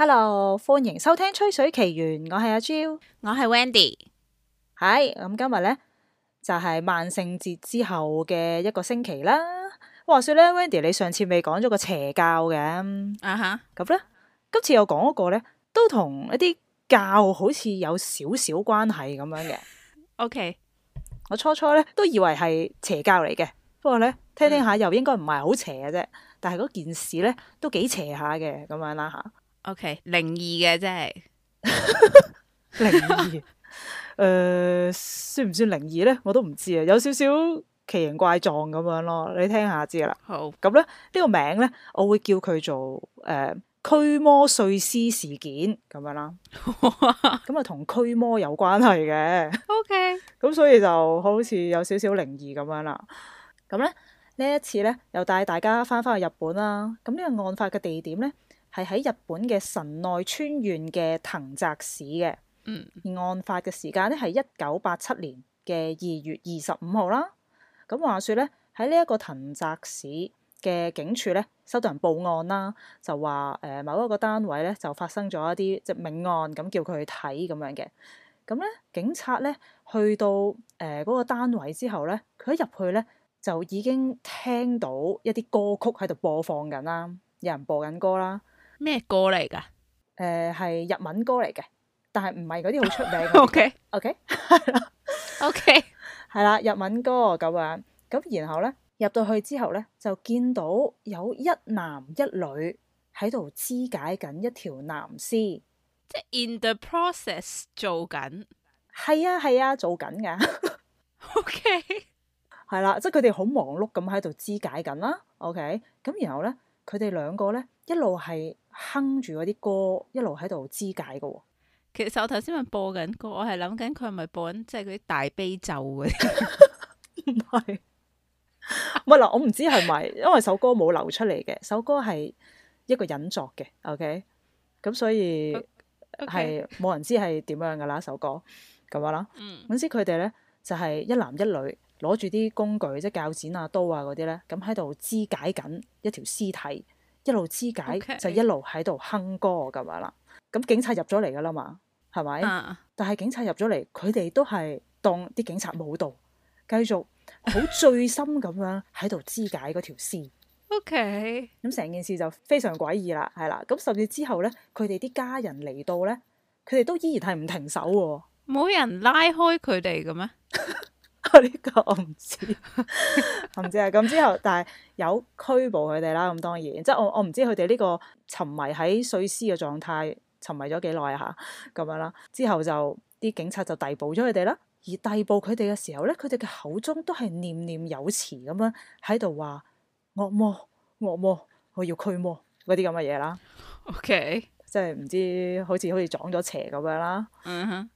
hello，歡迎收聽《吹水奇緣》，我係阿 Jill，我係 Wendy，係咁、嗯、今日咧就係萬聖節之後嘅一個星期啦。話說咧，Wendy，你上次未講咗個邪教嘅啊？吓咁咧，今次我講一個咧，都同一啲教好似有少少關係咁樣嘅。O Okay . K，我初初咧都以為係邪教嚟嘅，不過咧聽聽下又應該唔係好邪嘅啫。Uh huh. 但係嗰件事咧都幾邪下嘅咁樣啦吓。啊 O K，靈異嘅真係，靈異誒，算唔算靈異咧？我都唔知啊，有少少奇形怪狀咁樣咯。你聽下知啦。好，咁咧呢個名咧，我會叫佢做誒驅魔碎屍事件，咁樣啦。哇，咁啊同驅魔有關係嘅。O K，咁所以就好似有少少靈異咁樣啦。咁咧呢一次咧，又帶大家翻翻去日本啦。咁呢個案發嘅地點咧？係喺日本嘅神奈川縣嘅藤澤市嘅。嗯，案發嘅時間咧係一九八七年嘅二月二十五號啦。咁話說咧，喺呢一個藤澤市嘅警署咧，收到人報案啦，就話誒、呃、某一個單位咧就發生咗一啲即係命案，咁叫佢去睇咁樣嘅。咁咧，警察咧去到誒嗰、呃那個單位之後咧，佢一入去咧就已經聽到一啲歌曲喺度播放緊啦，有人播緊歌啦。咩歌嚟噶？誒，係日文歌嚟嘅，但係唔係嗰啲好出名嘅。O K O K 係啦，O K 係啦，日文歌咁樣，咁然後咧入到去之後咧，就見到有一男一女喺度肢解緊一條男屍，即係 in the process 做緊，係啊係啊做緊噶。O K 係啦，即係佢哋好忙碌咁喺度肢解緊啦。O K 咁然後咧，佢哋兩個咧一路係。哼住嗰啲歌，一路喺度肢解嘅，哦。其實我頭先咪播緊歌，我係諗緊佢係咪播緊即係嗰啲大悲咒嗰啲？唔係，唔係嗱，我唔知係咪，因為首歌冇流出嚟嘅。首歌係一個隱作嘅，OK。咁所以係冇 Okay. 人知係點樣嘅嗱，首歌咁樣啦。總之佢哋咧就係、是、一男一女，攞住啲工具，即係鉸剪啊、刀啊嗰啲咧，咁喺度肢解緊一條屍體。一路肢解 Okay. 就一路喺度哼歌咁樣啦。咁警察入咗嚟噶啦嘛，係咪？Uh. 但係警察入咗嚟，佢哋都係當啲警察冇到，繼續好醉心咁樣喺度肢解嗰條屍。OK，咁成件事就非常詭異啦，係啦。咁甚至之後咧，佢哋啲家人嚟到咧，佢哋都依然係唔停手，啊，冇人拉開佢哋嘅咩？ 呢 個我唔知，唔 知啊了。咁之 後，但係有拘捕佢哋啦。咁當然，即係我我唔知佢哋呢個沉迷喺碎屍嘅狀態，沉迷咗幾耐啊？吓咁樣啦。之後就啲警察就逮捕咗佢哋啦。而逮捕佢哋嘅時候咧，佢哋嘅口中都係念念有詞咁樣喺度話：惡魔，惡魔，我要驅魔嗰啲咁嘅嘢啦。OK，即係唔知好似好似撞咗邪咁樣啦。嗯哼，mm hmm.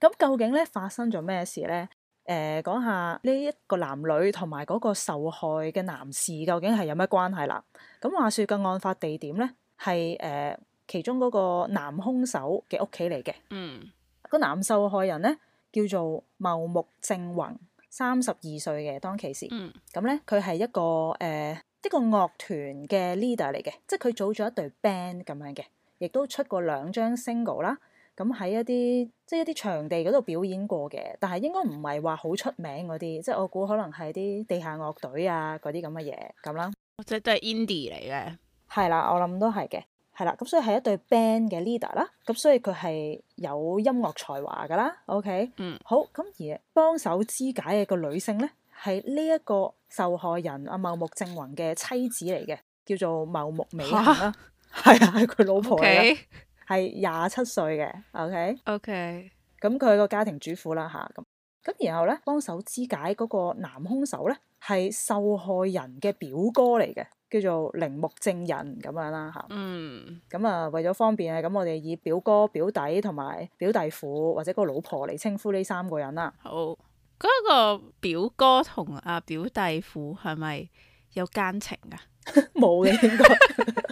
咁究竟咧發生咗咩事咧？誒、呃、講下呢一個男女同埋嗰個受害嘅男士究竟係有咩關係啦？咁話說個案發地點咧係誒其中嗰個男兇手嘅屋企嚟嘅。嗯。個男受害人咧叫做茂木正宏，三十二歲嘅當其時。嗯。咁咧佢係一個誒、呃、一個樂團嘅 leader 嚟嘅，即係佢組咗一隊 band 咁樣嘅，亦都出過兩張 single 啦。咁喺一啲即係一啲場地嗰度表演過嘅，但係應該唔係話好出名嗰啲，即係我估可能係啲地下樂隊啊嗰啲咁嘅嘢嘅咁啦。或者都係 indie 嚟嘅，係啦，我諗都係嘅，係啦。咁所以係一對 band 嘅 leader 啦，咁所以佢係有音樂才華噶啦。OK，嗯，好。咁而幫手肢解嘅個女性咧，係呢一個受害人啊，茂木正弘嘅妻子嚟嘅，叫做茂木美玲啦，係啊哈，係佢 老婆嚟嘅 Okay?。係廿七歲嘅，OK，OK，咁佢係個家庭主婦啦吓，咁、啊、咁然後咧幫手肢解嗰個男兇手咧，係受害人嘅表哥嚟嘅，叫做鈴木正人咁樣啦吓。啊啊、嗯、咁啊、嗯、為咗方便啊，咁我哋以表哥、表弟同埋表弟父，或者個老婆嚟稱呼呢三個人啦。好，嗰、那個表哥同阿、啊、表弟父係咪有奸情啊？冇嘅，應該。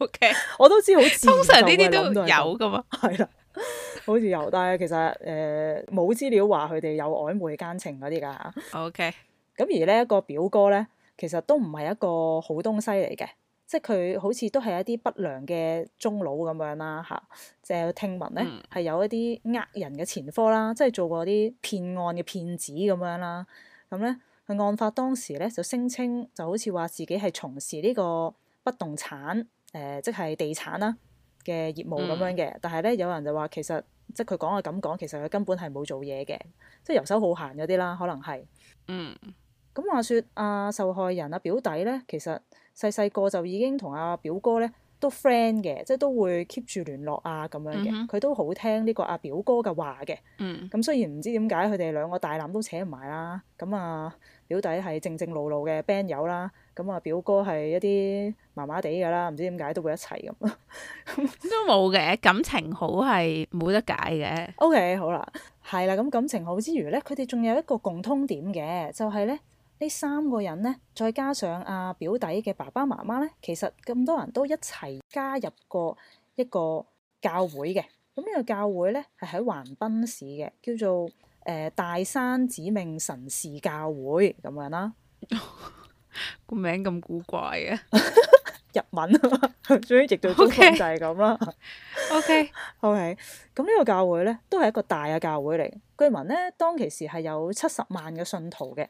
Okay. 我都知好。通常呢啲都唔有噶嘛，係啦， 好似有。但係其實誒，冇、呃、資料話佢哋有曖昧奸情嗰啲噶。O K，咁而呢一個表哥咧，其實都唔係一個好東西嚟嘅，即係佢好似都係一啲不良嘅中佬咁樣啦。吓、啊，即係聽聞咧係有一啲呃人嘅前科啦，即係做過啲騙案嘅騙子咁樣啦。咁、啊、咧，佢案發當時咧就聲稱就好似話自己係從事呢個不動產，誒、呃，即係地產啦嘅業務咁樣嘅，嗯、但係咧有人就話其實即係佢講係咁講，其實佢根本係冇做嘢嘅，即係遊手好閒嗰啲啦，可能係。嗯。咁話説阿、啊、受害人阿、啊、表弟咧，其實細細個就已經同阿、啊、表哥咧都 friend 嘅，即係都會 keep 住聯絡啊咁樣嘅，佢、嗯、哼都好聽呢個阿、啊、表哥嘅話嘅。嗯。咁雖然唔知點解佢哋兩個大男都扯唔埋啦，咁啊表弟係正正路路嘅 band 友啦。咁啊，表哥係一啲麻麻地㗎啦，唔知點解都會一齊咁 都冇嘅。感情好係冇得解嘅。OK，好啦，係啦，咁感情好之餘呢，佢哋仲有一個共通點嘅，就係、是、呢呢三個人呢，再加上阿、啊、表弟嘅爸爸媽媽呢，其實咁多人都一齊加入過一個教會嘅。咁呢個教會呢，係喺橫濱市嘅，叫做誒、呃、大山指命神事教會咁樣啦。 個名咁古怪嘅、啊、 日文，終於極度瘋狂就係咁啦。O K，o k 咁呢個教會咧，都係一個大嘅教會嚟。據聞咧，當其時係有七十萬嘅信徒嘅，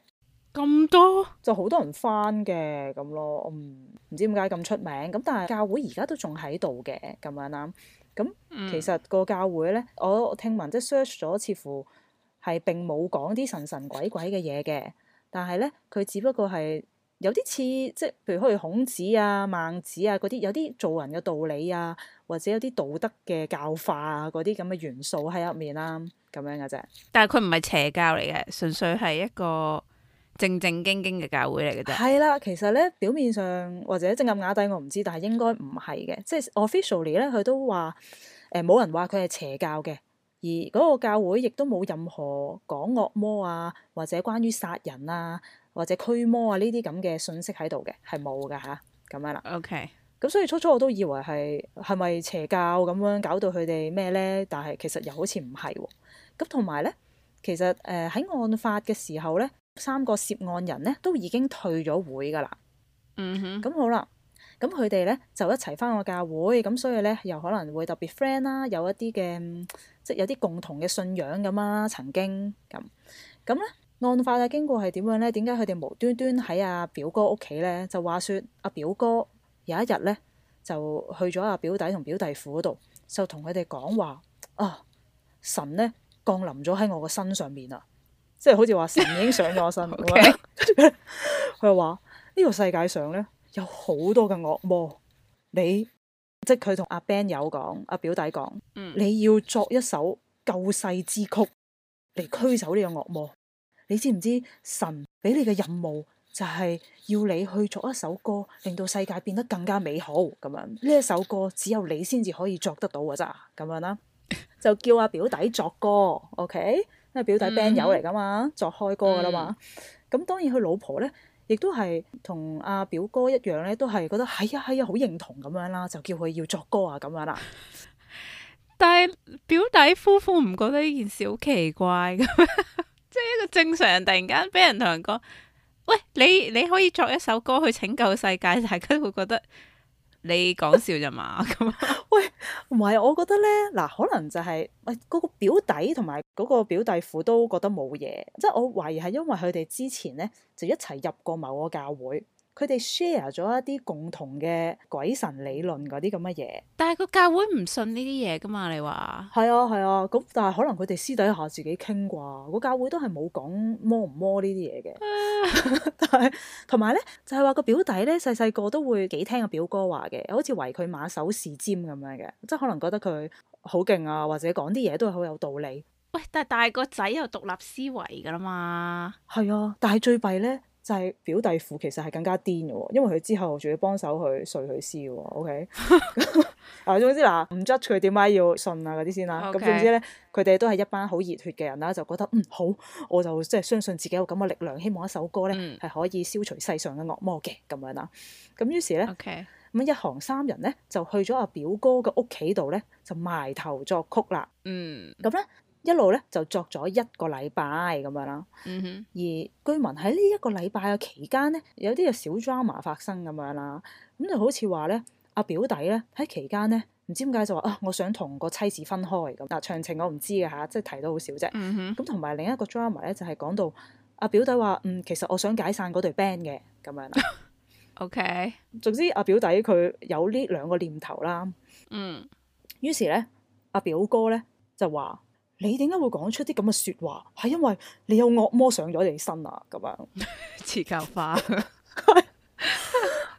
咁多就好多人翻嘅咁咯。嗯，唔知點解咁出名。咁但係教會而家都仲喺度嘅咁樣啦。咁其實個教會咧，我聽聞即係 search 咗，似乎係並冇講啲神神鬼鬼嘅嘢嘅。但係咧，佢只不過係。有啲似即係，譬如可能孔子啊、孟子啊嗰啲，有啲做人嘅道理啊，或者有啲道德嘅教化啊，嗰啲咁嘅元素喺入面啦、啊，咁樣嘅啫。但係佢唔係邪教嚟嘅，純粹係一個正正經經嘅教會嚟嘅啫。係啦，其實咧表面上或者正暗啞底我唔知，但係應該唔係嘅，即係 officially 咧佢都話誒冇人話佢係邪教嘅，而嗰個教會亦都冇任何講惡魔啊，或者關於殺人啊。或者驅魔啊呢啲咁嘅信息喺度嘅，係冇㗎吓，咁樣啦。OK，咁所以初初我都以為係係咪邪教咁樣搞到佢哋咩咧？但係其實又好似唔係喎。咁同埋咧，其實誒喺、呃、案發嘅時候咧，三個涉案人咧都已經退咗會噶啦。嗯哼、mm，咁、hmm. 好啦，咁佢哋咧就一齊返個教會，咁所以咧又可能會特別 friend 啦、啊，有一啲嘅即係有啲共同嘅信仰咁、啊、啦，曾經咁咁咧。案發嘅經過係點樣呢？點解佢哋無端端喺阿表哥屋企呢？就話說阿表哥有一日呢，就去咗阿表弟同表弟婦嗰度，就同佢哋講話啊，神呢，降臨咗喺我個身上面啊，即係好似話神已經上咗我身咁啦。佢話呢個世界上呢，有好多嘅惡魔，你即係佢同阿 Ben 友講，阿表弟講，嗯，你要作一首救世之曲嚟驅走呢個惡魔。你知唔知神俾你嘅任務就係要你去作一首歌，令到世界變得更加美好咁樣。呢一首歌只有你先至可以作得到嘅咋，咁樣啦。 就叫阿表弟作歌，OK，因為表弟 band 友嚟噶嘛，作開歌噶啦嘛。咁、嗯、當然佢老婆咧，亦都係同阿表哥一樣咧，都係覺得係啊係啊，好、哎哎、認同咁樣啦，就叫佢要作歌啊咁樣啦。 但係表弟夫婦唔覺得呢件事好奇怪咁。 即係一個正常人，突然間俾人同人講，喂，你你可以作一首歌去拯救世界，大家會覺得你講笑咋嘛？咁 喂，唔係，我覺得咧，嗱，可能就係，誒，嗰個表弟同埋嗰個表弟父都覺得冇嘢，即係我懷疑係因為佢哋之前咧就一齊入過某個教會。佢哋 share 咗一啲共同嘅鬼神理論嗰啲咁嘅嘢？但係個教會唔信呢啲嘢噶嘛？你話係啊係啊咁，但係可能佢哋私底下自己傾啩。個教會都係冇講摸唔摸呢啲嘢嘅。但係同埋咧，就係話個表弟咧，細細個都會幾聽個表哥話嘅，好似為佢馬首是瞻咁樣嘅，即係可能覺得佢好勁啊，或者講啲嘢都係好有道理。喂，但但係大個仔有獨立思維噶啦嘛？係啊，但係最弊咧。就係表弟父其實係更加癲嘅喎，因為佢之後仲要幫手去碎佢屍喎，OK？ 啊，啊 okay. 總之嗱，唔 judge 佢點解要信啊嗰啲先啦？咁總之咧，佢哋都係一班好熱血嘅人啦，就覺得嗯好，我就即係相信自己有咁嘅力量，希望一首歌咧係、mm. 可以消除世上嘅惡魔嘅咁樣啦。咁於是咧，咁 Okay. 一行三人咧就去咗阿表哥嘅屋企度咧就埋頭作曲啦。嗯、mm.，咁咧。一路咧就作咗一個禮拜咁樣啦。嗯、哼而居民喺呢一個禮拜嘅期間咧，有啲嘅小 drama 發生咁樣啦。咁就好似話咧，阿、啊、表弟咧喺期間咧唔知點解就話啊，我想同個妻子分開咁嗱。詳情我唔知嘅吓、啊，即係提到好少啫。咁同埋另一個 drama 咧就係講到阿、啊、表弟話嗯，其實我想解散嗰隊 band 嘅咁樣啦。 OK，總之阿、啊、表弟佢有呢兩個念頭啦。嗯，於是咧阿、啊、表哥咧就話。你點解會講出啲咁嘅説話？係因為你有惡魔上咗你身啊！咁樣似 教化？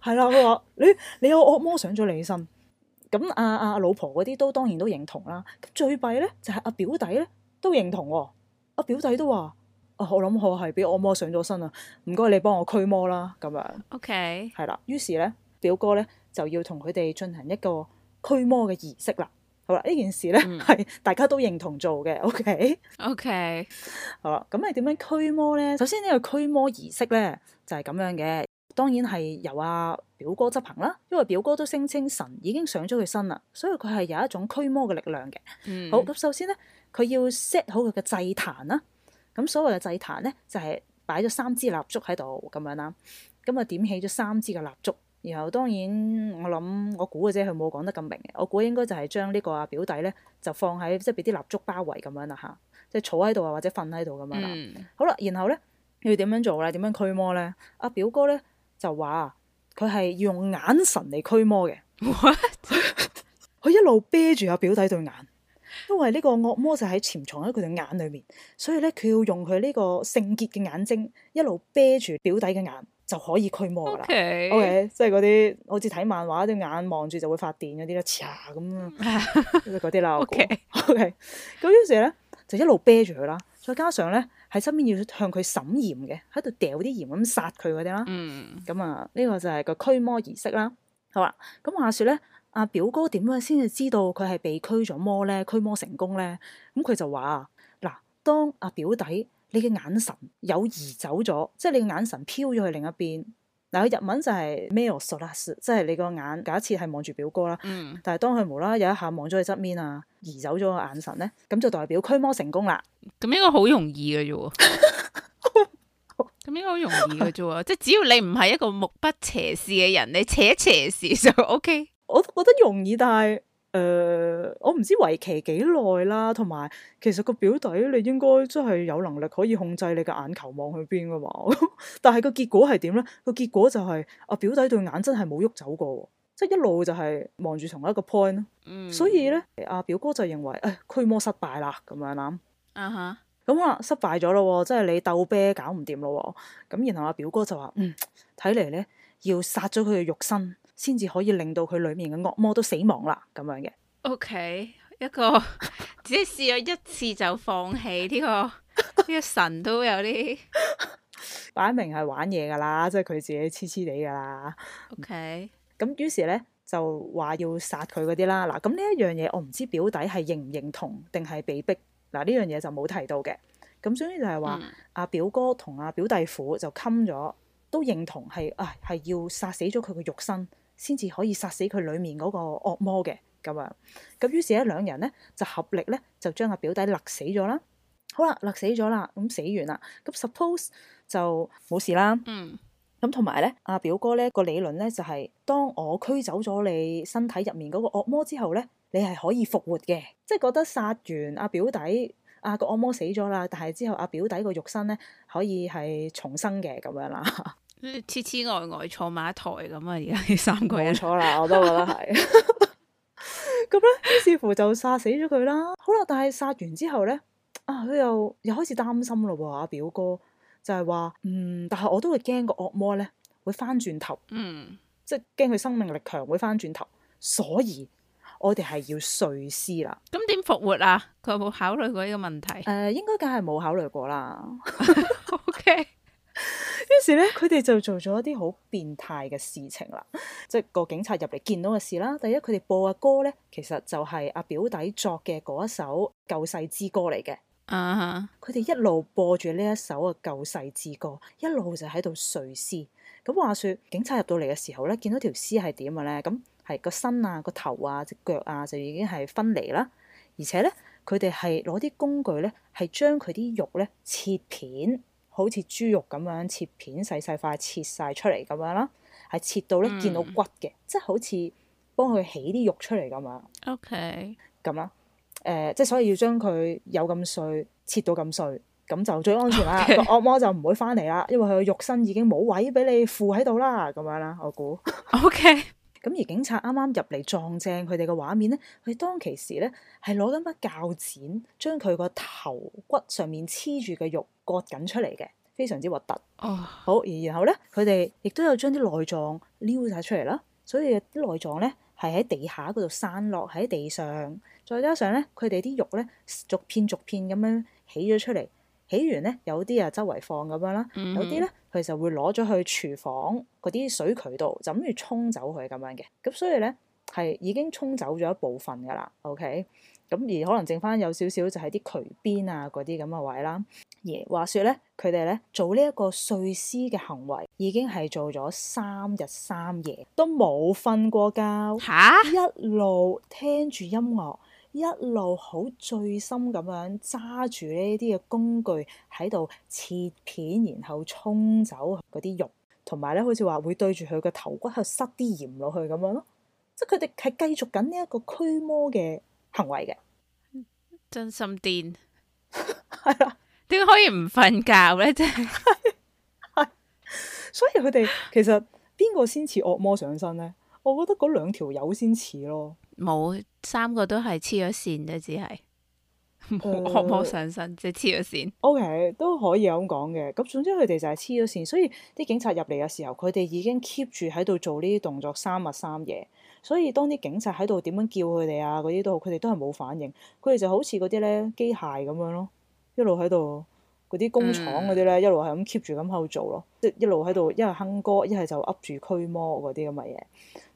係啦。 佢話你你有惡魔上咗你身。咁阿阿老婆嗰啲都當然都認同啦。咁最弊咧就係阿、啊、表弟咧都認同。阿、啊、表弟都話、啊：，我諗我係俾惡魔上咗身啊！唔該，你幫我驅魔啦。咁樣 OK，係啦。於是咧，表哥咧就要同佢哋進行一個驅魔嘅儀式啦。好啦，呢件事咧係、嗯、大家都認同做嘅，OK？OK。Okay? Okay. 好啦，咁你點樣驅魔咧？首先呢個驅魔儀式咧就係、是、咁樣嘅，當然係由阿、啊、表哥執行啦，因為表哥都聲稱神已經上咗佢身啦，所以佢係有一種驅魔嘅力量嘅。嗯、好咁，首先咧佢要 set 好佢嘅祭壇啦。咁所謂嘅祭壇咧就係擺咗三支蠟燭喺度咁樣啦。咁啊點起咗三支嘅蠟燭。然後當然，我諗我估嘅啫，佢冇講得咁明嘅。我估應該就係將呢個阿表弟咧，就放喺即係俾啲蠟燭包圍咁樣啦嚇，即係坐喺度啊或者瞓喺度咁樣啦。好啦、嗯，然後咧要點樣做咧？點樣驅魔咧？阿表哥咧就話佢係要用眼神嚟驅魔嘅。佢 What? 一路啤住阿表弟對眼，因為呢個惡魔就喺潛藏喺佢對眼裏面，所以咧佢要用佢呢個聖潔嘅眼睛一路啤住表弟嘅眼。就可以驅魔噶啦，OK，即係嗰啲好似睇漫畫啲眼望住就會發電嗰啲啦，嚓咁啊，嗰啲啦，OK，OK，咁於是咧就一路啤住佢啦，再加上咧喺身邊要向佢撒鹽嘅，喺度掉啲鹽咁殺佢嗰啲啦，咁、嗯、啊呢、這個就係個驅魔儀式啦，好啦、啊，咁話説咧，阿表哥點樣先至知道佢係被驅咗魔咧？驅魔成功咧？咁佢就話嗱，當阿表弟。你嘅眼神有移走咗，即係你嘅眼神飄咗去另一邊。嗱，個日文就係 meo solas，即係你個眼假設係望住表哥啦。嗯。但係當佢無啦啦有一下望咗佢側面啊，移走咗個眼神咧，咁就代表驅魔成功啦。咁應該好容易嘅啫喎。咁 應該好容易嘅啫喎， 即係只要你唔係一個目不斜視嘅人，你斜斜視就 OK。我，我覺得容易，但係。誒、呃，我唔知為期幾耐啦，同埋其實個表弟你應該真係有能力可以控制你嘅眼球望去邊噶嘛， 但係個結果係點咧？個結果就係、是、阿、啊、表弟對眼真係冇喐走過，即係一路就係望住同一個 point 咯。嗯、所以咧，阿、啊、表哥就認為誒驅、哎、魔失敗啦，咁樣啦。咁啊哈失敗咗咯，即係你鬥啤搞唔掂咯。咁然後阿、啊、表哥就話，嗯，睇嚟咧要殺咗佢嘅肉身先至可以令到佢裡面嘅惡魔都死亡啦，咁樣嘅。OK，一個只係試咗一次就放棄呢個呢 個神都有啲，擺明係玩嘢噶啦，即係佢自己痴痴地噶啦。OK，咁於是咧就話要殺佢嗰啲啦。嗱，咁呢一樣嘢我唔知表弟係認唔認同，定係被逼。嗱，呢樣嘢就冇提到嘅。咁所以就係話阿表哥同阿表弟父就冚咗，都認同係啊係要殺死咗佢嘅肉身，先至可以殺死佢裡面嗰個惡魔嘅咁樣，咁於是咧兩人咧就合力咧就將阿表弟勒死咗啦。好啦，勒死咗啦，咁死完啦，咁 suppose 就冇事啦。嗯，咁同埋咧，阿表哥咧個理論咧就係，當我驅走咗你身體入面嗰個惡魔之後咧，你係可以復活嘅，即係覺得殺完阿表弟阿個惡魔死咗啦，但係之後阿表弟個肉身咧可以係重生嘅咁樣啦。 痴痴呆呆坐埋一枱咁啊！而家呢三個人坐埋，我都覺得係咁咧，似 乎就殺死咗佢啦。好啦，但係殺完之後咧，啊，佢又又開始擔心咯、啊。阿表哥就係、是、話，嗯，但係我都會驚個惡魔咧會翻轉頭，嗯，即係驚佢生命力強會翻轉頭，所以我哋係要碎屍啦。咁點復活啊？佢有冇考慮過呢個問題？誒、呃，應該梗係冇考慮過啦。O K。於是咧，佢哋就做咗一啲好變態嘅事情啦，即係個警察入嚟見到嘅事啦。第一，佢哋播嘅歌咧，其實就係阿表弟作嘅嗰一首《救世之歌》嚟嘅。啊！uh-huh. 佢哋一路播住呢一首啊《救世之歌》，一路就喺度碎屍。咁話説，警察入到嚟嘅時候咧，見到條屍係點嘅咧？咁係個身啊、個頭啊、隻腳啊，就已經係分離啦。而且咧，佢哋係攞啲工具咧，係將佢啲肉咧切片。好似豬肉咁樣切片細細塊，切晒出嚟咁樣啦，係切到咧見到骨嘅，即係好似幫佢起啲肉出嚟咁樣。OK，咁啦，誒，即係所以要將佢有咁碎切到咁碎，咁就最安全啦。個惡魔 Okay. 就唔會翻嚟啦，因為佢個肉身已經冇位俾你附喺度啦。咁樣啦，我估 OK。咁 而警察啱啱入嚟撞正佢哋嘅畫面咧，佢當其時咧係攞緊把鉸剪，將佢個頭骨上面黐住嘅肉掘緊出嚟嘅，非常之核突。哦，oh。好，而然後咧，佢哋亦都有將啲內臟撩晒出嚟啦，所以啲內臟咧係喺地下嗰度散落喺地上，再加上咧佢哋啲肉咧逐片逐片咁樣起咗出嚟，起完咧有啲啊周圍放咁樣啦，有啲咧佢就會攞咗去廚房嗰啲水渠度，就咁要沖走佢咁樣嘅，咁所以咧係已經沖走咗一部分噶啦，OK。咁而可能剩翻有少少就係啲渠邊啊，嗰啲咁嘅位啦。而話說咧，佢哋咧做呢一個碎屍嘅行為已經係做咗三日三夜，都冇瞓過覺嚇，蛤一路聽住音樂，一路好醉心咁樣揸住呢啲嘅工具喺度切片，然後沖走嗰啲肉，同埋咧好似話會對住佢嘅頭骨去塞啲鹽落去咁樣咯。即係佢哋係繼續緊呢一個驅魔嘅。行為嘅，真心癲，係 啦 是、啊，點可以唔瞓覺咧？真 係， 所以佢哋其實邊個先似惡魔上身咧？我覺得嗰兩條友先似咯，冇三個都係黐咗線啫，只係惡魔上身即係黐咗線。O K 都可以咁講嘅，咁總之佢哋就係黐咗線，所以啲警察入嚟嘅時候，佢哋已經 keep 住喺度做呢啲動作三日三夜。所以當啲警察喺度點樣叫佢哋啊，嗰啲都好，佢哋都係冇反應，佢哋就好似嗰啲咧機械咁樣咯，一路喺度嗰啲工廠嗰啲咧一路係咁 keep 住咁喺度做咯，即係一路喺度一係哼歌，一係就噏住驅魔嗰啲咁嘅嘢。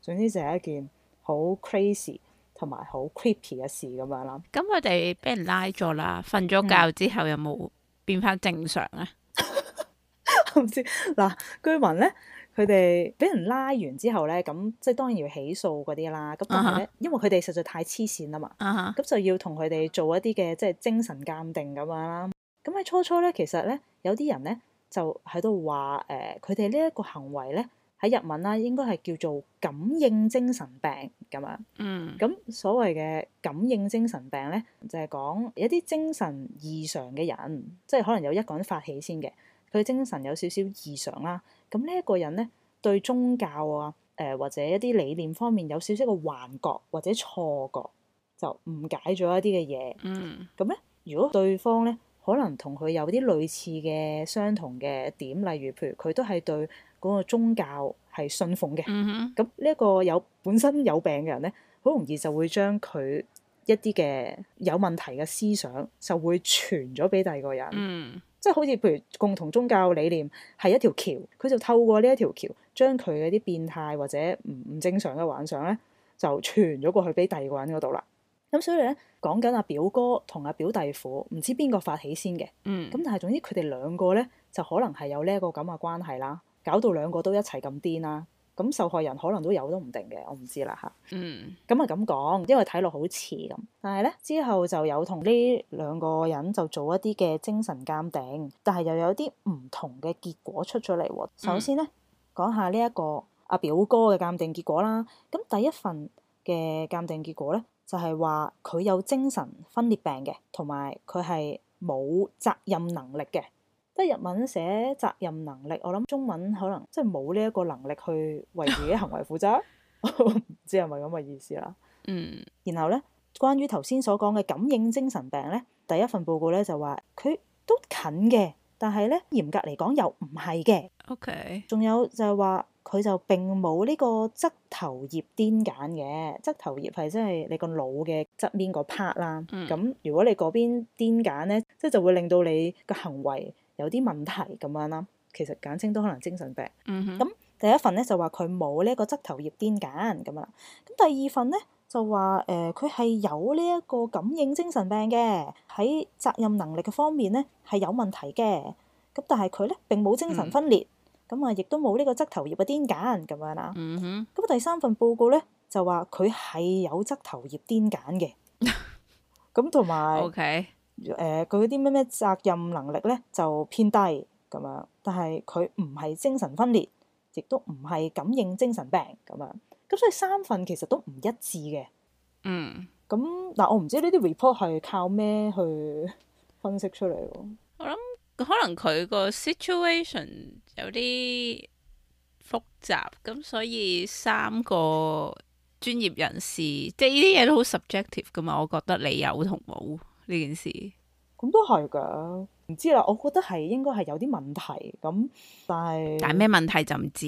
總之就係一件好 crazy 同埋好 creepy 嘅事咁樣、嗯、 啦。咁佢哋俾人拉咗啦，瞓咗覺之後有冇變翻正常咧？唔知嗱居民咧？佢哋俾人拉完之後咧，咁即係當然要起訴嗰啲啦。咁但係咧，huh. 因為佢哋實在太黐線啦嘛，咁、uh huh. 就要同佢哋做一啲嘅即係精神鑑定咁樣啦。咁喺初初咧，其實咧有啲人咧就喺度話誒，佢哋呢一個行為咧喺日文啦，應該係叫做感應精神病咁樣。嗯、uh。咁、huh. 所謂嘅感應精神病咧，就係講一啲精神異常嘅人，即係可能有一個人發起先嘅。佢精神有少少異常啦，咁呢一個人咧對宗教啊，誒、呃、或者一啲理念方面有少少嘅幻覺或者錯覺，就誤解咗一啲嘅嘢。嗯，咁咧如果對方咧可能同佢有啲類似嘅相同嘅點，例如譬如佢都係對嗰個宗教係信奉嘅。嗯哼，咁呢一個有本身有病嘅人咧，好容易就會將佢一啲嘅有問題嘅思想就會傳咗俾第二個人。嗯。即係好似譬如共同宗教理念係一條橋，佢就透過呢一條橋，將佢嗰啲變態或者唔唔正常嘅幻想咧，就傳咗過去俾第二個人嗰度啦。咁所以咧，講緊阿表哥同阿表弟夫，唔知邊個發起先嘅。嗯。咁但係總之佢哋兩個咧，就可能係有呢一個咁嘅關係啦，搞到兩個都一齊咁癲啦。咁受害人可能都有都唔定嘅，我唔知啦吓，嗯，咁啊咁講，因為睇落好似咁，但係咧之後就有同呢兩個人就做一啲嘅精神鑑定，但係又有啲唔同嘅結果出咗嚟喎。嗯，首先咧，講下呢一個阿表哥嘅鑑定結果啦。咁第一份嘅鑑定結果咧，就係話，佢有精神分裂病嘅，同埋佢係冇責任能力嘅。即係日文寫責任能力，我諗中文可能即係冇呢一個能力去為自己行為負責。唔 知係咪咁嘅意思啦。嗯，mm. 然後咧，關於頭先所講嘅感應精神病咧，第一份報告咧就話佢都近嘅，但係咧嚴格嚟講又唔係嘅。OK，仲有就係話佢就並冇呢個側頭葉癲癇，嘅側頭葉係即係你個腦嘅側面個 part 啦。咁、mm. 如果你嗰邊癲癇咧，即係就會令到你個行為。有啲問題咁樣啦，其實簡稱都可能精神病。咁、mm hmm. 第一份咧就話佢冇呢一個側頭葉癲癇咁樣。咁第二份咧就話誒佢係有呢一個感應精神病嘅，喺責任能力嘅方面咧係有問題嘅。咁但係佢咧並冇精神分裂，咁啊亦都冇呢個側頭葉嘅癲癇咁樣啦。咁、mm hmm. 第三份報告咧就話佢係有側頭葉癲癇嘅。咁同埋。Okay. 誒佢啲咩咩責任能力咧就偏低咁樣，但係佢唔係精神分裂，亦都唔係感應精神病咁樣。咁所以三份其實都唔一致嘅。嗯，咁嗱，我唔知呢啲 report 係靠咩去分析出嚟咯。我諗可能佢個 situation 有啲複雜，咁所以三個專業人士即係呢啲嘢都好 subjective 㗎嘛。我覺得你有同冇？呢件事咁都係噶，唔知啦。我覺得係應該係有啲問題咁，但係但係咩問題就唔知，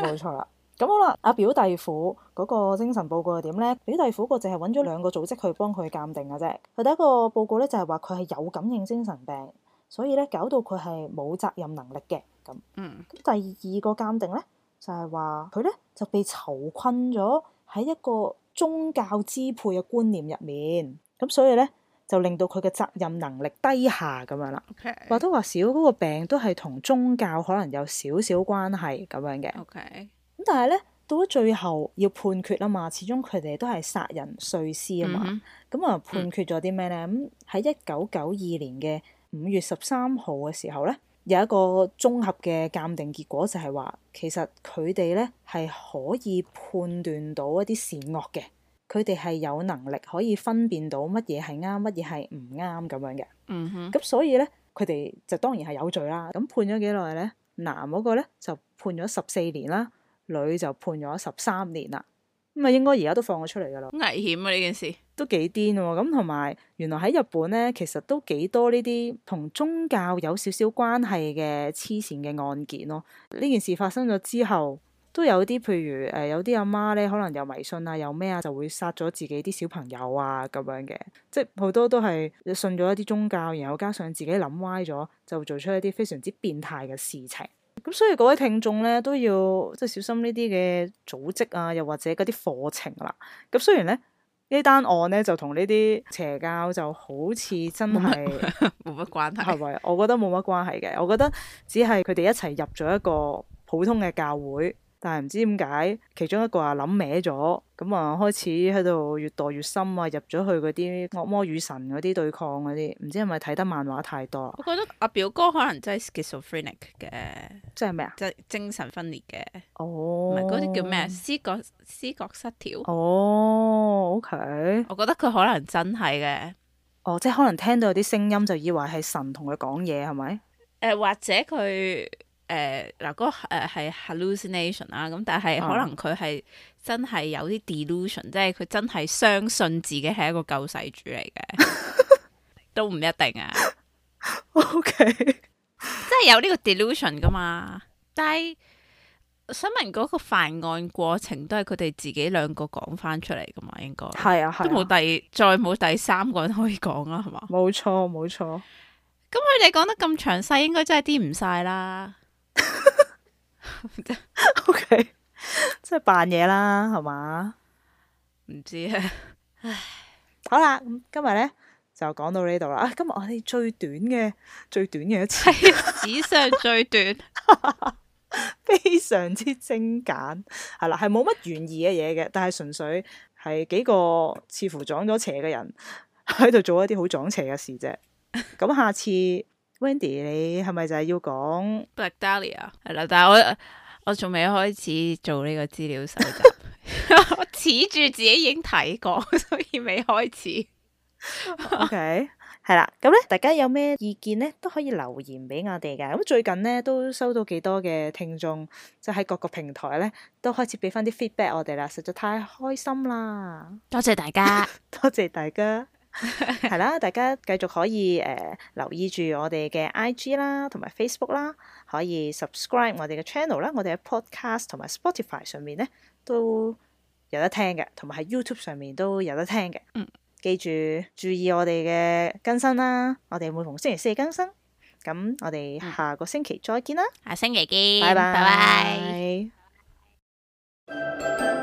冇錯啦。咁 好啦，阿表弟夫嗰個精神報告又點咧？表弟夫個淨係揾咗兩個組織去幫佢鑑定嘅啫。佢第一個報告咧就係話佢係有感應精神病，所以咧搞到佢係冇責任能力嘅咁。嗯，咁第二個鑑定咧就係話佢咧就被囚困咗喺一個宗教支配嘅觀念入面，咁所以咧。就令到佢嘅責任能力低下咁樣啦，或多或少嗰個病都係同宗教可能有少少關係咁樣嘅。咁 Okay. 但係咧，到咗最後要判決啦嘛，始終佢哋都係殺人碎屍啊嘛。咁啊、mm hmm. 判決咗啲咩咧？咁喺一九九二年嘅五月十三號嘅時候咧，有一個綜合嘅鑑定結果就係話，其實佢哋咧係可以判斷到一啲善惡嘅。佢哋係有能力可以分辨到乜嘢係啱，乜嘢係唔啱咁樣嘅。嗯哼。咁所以咧，佢哋就當然係有罪啦。咁判咗幾耐咧？男嗰個咧就判咗十四年啦，女就判咗十三年啦。咁啊，應該而家都放咗出嚟噶啦。危險啊！呢件事都幾癲喎。咁同埋原來喺日本咧，其實都幾多呢啲同宗教有少少關係嘅黐線嘅案件咯。呢件事發生咗之後。都有啲譬如誒、呃，有啲阿媽咧，可能有迷信啊，有咩啊，就會殺咗自己啲小朋友啊咁樣嘅，即係好多都係信咗一啲宗教，然後加上自己諗歪咗，就做出一啲非常之變態嘅事情。咁所以各位聽眾咧都要即係小心呢啲嘅組織啊，又或者嗰啲課程啦。咁雖然咧呢單案咧就同呢啲邪教就好似真係冇乜關係，係咪？我覺得冇乜關係嘅，我覺得只係佢哋一齊入咗一個普通嘅教會。但係唔知點解，其中一個呀諗歪咗，咁啊開始喺度越墮越深啊，入咗去嗰啲惡魔與神嗰啲對抗嗰啲，唔知係咪睇得漫畫太多？我覺得阿表哥可能真係 schizophrenic 嘅，即係咩啊？即係精神分裂嘅。哦、oh。唔係嗰啲叫咩？思覺思覺失調。哦、oh，OK。我覺得佢可能真係嘅。哦，即係可能聽到有啲聲音就以為係神同佢講嘢係咪？誒、呃，或者佢。誒，嗱、呃，嗰個誒係 hallucination 啦，咁、呃啊、但係可能佢係真係有啲 delusion，嗯、即係佢真係相信自己係一個救世主嚟嘅。 都唔一定啊。OK，即係有呢個 delusion 噶嘛，但係想問嗰個犯案過程都係佢哋自己兩個講翻出嚟噶嘛？應該係啊，啊都冇第再冇第三個人可以講啦，係嘛？冇錯，冇錯。咁佢哋講得咁詳細，應該真係啲唔晒啦。O K，即係扮嘢啦，係嘛、 okay？唔知，啊，唉，好啦，咁今日咧就講到呢度啦。今日，啊，我哋最短嘅，最短嘅一次史上最短， 非常之精簡，係啦，係冇乜懸疑嘅嘢嘅，但係純粹係幾個似乎撞咗邪嘅人喺度做一啲好撞邪嘅事啫。咁下次。Wendy，你係咪就係要講 Black Dahlia？係啦，但係我我仲未開始做呢個資料搜集， 我恃住自己已經睇過，所以未開始。 OK，係啦，咁咧，大家有咩意見咧，都可以留言俾我哋㗎。咁最近咧，都收到幾多嘅聽眾，就喺、是、各個平台咧，都開始俾翻啲 feedback 我哋啦，實在太開心啦！多謝大家， 多謝大家。係啦， 大家繼續可以誒、呃、留意住我哋嘅 I G 啦，同埋 Facebook 啦，可以 subscribe 我哋嘅 channel 啦。我哋喺 Podcast 同埋 Spotify 上面咧都有得聽嘅，同埋喺 YouTube 上面都有得聽嘅。嗯，記住注意我哋嘅更新啦。我哋每逢星期四更新，咁我哋下個星期再見啦。嗯、下星期見，拜拜，拜拜。